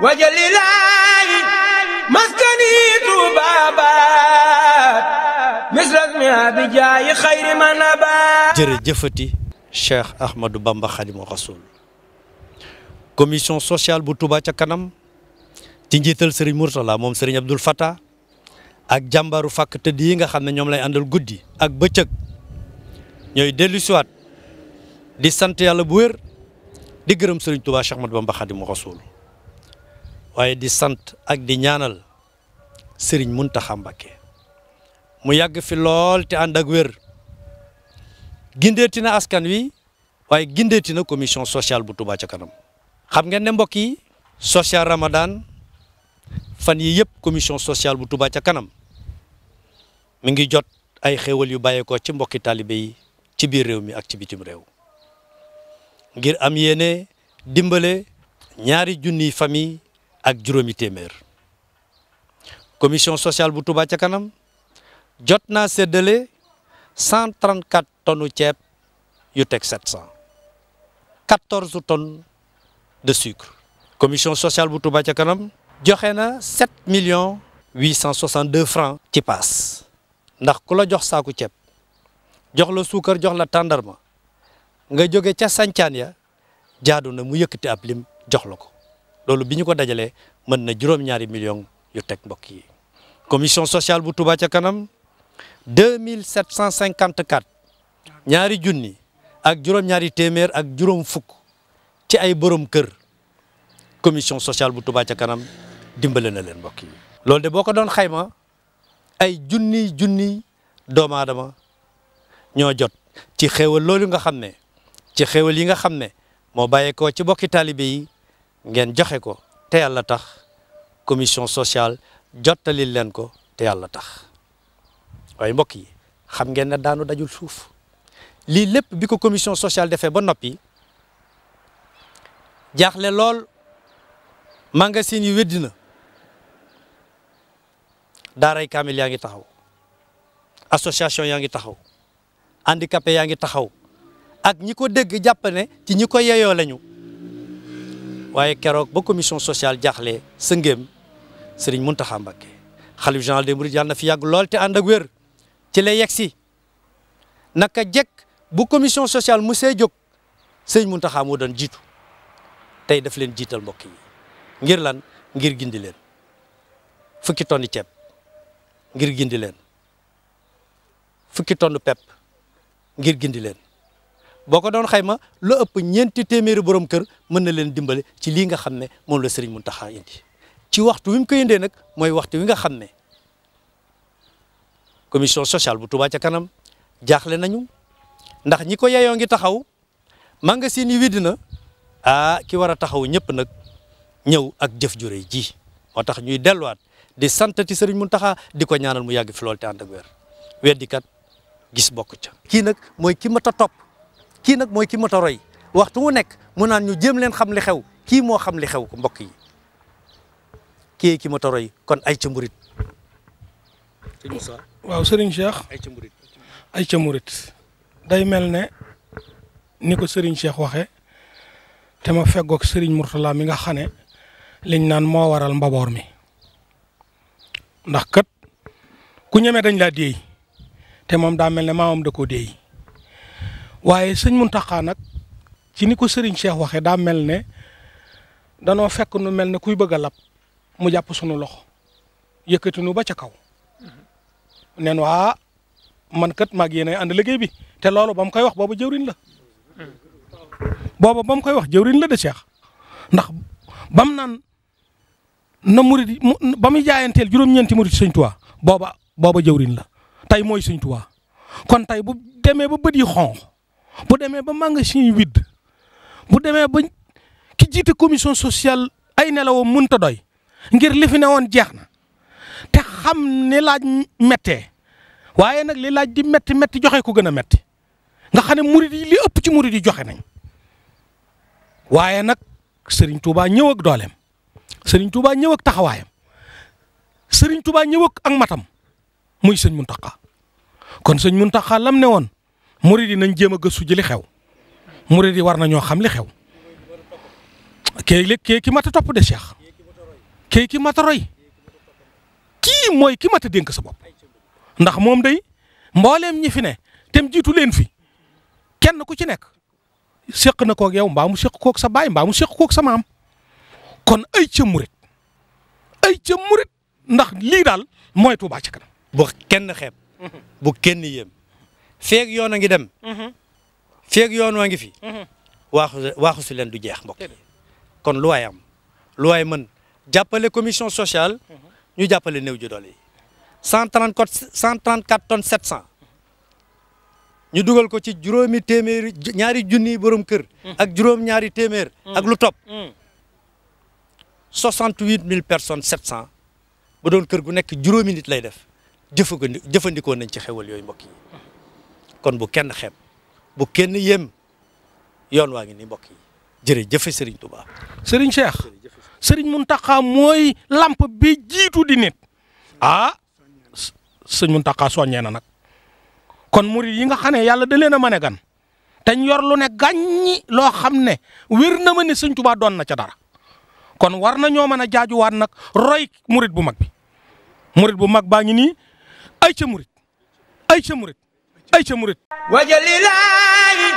wajalilaayi jëfati tubaabaat misrasmi abijaayi xayri manabaat jërëjëfati Cheikh Ahmadou Bamba Xadimu Rasul commission sociale bu Touba ca kanam ci njiital Serigne Mourtala moom Serigne Abdoul Fattah ak jàmbaaru fàkk tëdd yi nga xam ne ñoom lay àndal guddi ak bëccëg ñooy dellu siwaat di sant yàlla bu wér di gërëm Serigne Touba Cheikh Ahmadou Bamba Xadimu Rasul waaye di sant ak di ñaanal Serigne Mountakha Mbacké mu yàgg fi lool te ànd ak wér gindeeti na askan wi waaye gindeeti na commission sociale bu Touba ca kanam xam ngeen ne mbokk yi social Ramadan fan yi yëpp commission sociale bu Touba ca kanam mu ngi jot ay xéewal yu bàyyeekoo ci mbokki taalibe ci biir réew mi ak ci bitim réew ngir am yéene dimbale ñaari junniy famille ak juróomi téeméer commission sociale bu Touba ca kanam jot naa séddale 134 tonnes ceeb yu teg 700 14 tonnes de sucre commission sociale bu Touba ca kanam joxe na 7 millions 862 francs ci paas ndax ku la jox saaku ceeb jox la suukar jox la tàndarma nga jóge ca sancaan ya jaadu na mu yëkkati ab lim jox la ko loolu bi ñu ko dajalee mën na juróom-ñaari millions yu teg mbokk yi. commission sociale bu Touba ca kanam deux mille sept cent cinquante quatre ñaari junni ak juróom-ñaari téeméer ak juróom fukk ci ay borom kër commission sociale bu Touba ca kanam dimbale na leen mbokk yi. loolu de boo ko doon xayma ay junni junni doomu aadama ñoo jot ci xéewal loolu nga xam ne ci xéewal yi nga xam ne moo bàyyeekoo ci bokki taalibe yi. ngeen joxe ko te yàlla tax commission sociale jottalil leen ko te yàlla tax waaye mbokk yi xam ngeen ne daanu dajul suuf lii lépp bi ko commission sociale defee ba noppi jaaxle lool magasin yi weddi na daaray kamil yaa ngi taxaw association yaa ngi taxaw handicapé yaa ngi taxaw ak ñi ko dégg jàpp ci ñi ko yeyoo lañu waaye keroog ba commission sociale jaaxle sëngéem sëriñ Mountakha Mbacké xalif général des mourides yàlla fi yàgg lool te ànd ag wér ci lay yegg si naka jekk bu commission sociale mu see jóg sëriñ Mountakha moo doon jiitu tey daf leen jiital mbokk yi ngir lan ngir gindi leen fukki tonni ceeb ngir gindi leen fukki tonn pepp ngir gindi leen boo ko doon xayma loo ëpp ñeenti téeméeri borom kër mën na leen dimbale ci lii nga xam ne moom la Serigne Mountakha indi ci waxtu wi mu ko indee nag mooy waxtu wi nga xam ne commission sociale bu Touba ca kanam jaaxle nañu ndax ñi ko yeyoo ngi taxaw magasin yi widd na ah ki war a taxaw ñëpp nag ñëw ak jëf jure ji moo tax ñuy delluwaat di sant ci Serigne taxa di ko ñaanal mu yàgg fi lool te ànd ak weer weddi kat gis bokk ca kii nag mooy ki mat a topp. kii nag mooy ki mot waxtu wu nekk mu naan ñu jëm leen xam li xew kii moo xam li xew ko mbokk yi kii ki mot kon ay ca murit waaw sëriñ Cheikh ay ca murit ay ca day mel ne ni ko sëriñ Cheikh waxe te ma feggoog sëriñ Mourtala mi nga xam ne liñ naan moo waral mbaboor mi ndax kat ku ñeme dañ laa déey te moom daa mel ne maamam da koo déey waaye sëñ Muntaxa nag ci ni ko sëriñ Cheikh waxee daa mel ne danoo fekk nu mel ne kuy bëgg a lab mu jàpp sunu loxo yëkkati nu ba ca kaw neen waa man kat mag yéen ay ànd liggéey bi te loolu ba mu koy wax booba jëwriñ la booba ba mu koy wax jëwriñ la de Cheikh ndax bam naan na murid ba muy jaayanteel juróom-ñeenti murid sëñ Tuubaa booba booba jëwriñ la tey mooy sëñ Tuubaa kon tey bu demee ba bët yi xonq bu demee ba magasin yi vide bu demee ba ki jiite commission sociale ay nelawam mënta doy ngir li fi ne woon jeex na te xam ne laaj méttee waaye nag li laaj di métti métti joxe ko gën a métti nga xam ne murid li ëpp ci murid di joxe nañ waaye nag Serigne Touba ñëw ak dooleem Serigne Touba ñëw ak taxawaayam Serigne Touba ñëw ak ak matam muy sëñ Mountakha kon sëñ Mountakha lam ne woon murid yi nañ jéem a gëstu ji li xew murid yi war nañoo xam li xew kii kii ki mat a topp de Cheikh kii ki mat a roy kii mooy ki mat a dénk sa bopp ndax moom day mbooleem ñi fi ne te mu jiitu leen fi kenn ku ci nekk seq na koog yow mbaa mu seq kook sa baay mbaa mu seq koog sa maam kon ay ca murid ay ca murid ndax lii daal mooy Touba ca kanam bu kenn xeeb bu kenn yéem feeg yoon a ngi dem. Mhm. feeg yoon waa ngi fi. Mhm. waaxu waaxu si leen du jeex mbokk kon lu waay am lu waay mën jàppale commission sociale mhm. ñu jàppale néew ju doole yi cent trente quatre cent trente cent ñu dugal ko ci juróomi téeméeri ñaari junniy borom kër. ak juróom ñaari téeméer. ak lu topp. soixante huit mille personnes sept cent bu doon kër gu nekk juróomi nit lay def jëfandikoo jëfandikoo nañ ci xewal yooyu mbokk yi. kon bu kenn xeeb bu kenn yem yoon waa ngi ni mbokk yi jërëjëf Serigne Touba. Serigne Cheikh mun Mountakha mooy lamp bi jiitu di nit ah sëñ Mountakha soññee na nag kon murid yi nga xam ne yàlla da leen a mën a gan dañ yor lu ne gàññi loo xam ne wér na ma ne sëñ Touba doon na ca dara kon war na ñoo mën a jaajuwaat nag roy murid bu mag bi murid bu mag baa ngi nii ay ca murid ay ca murid ay ca murit wajalilaayi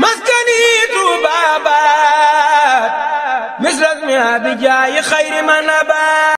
maskani tuuba baat misras mi abijaayi xayri ma nabaat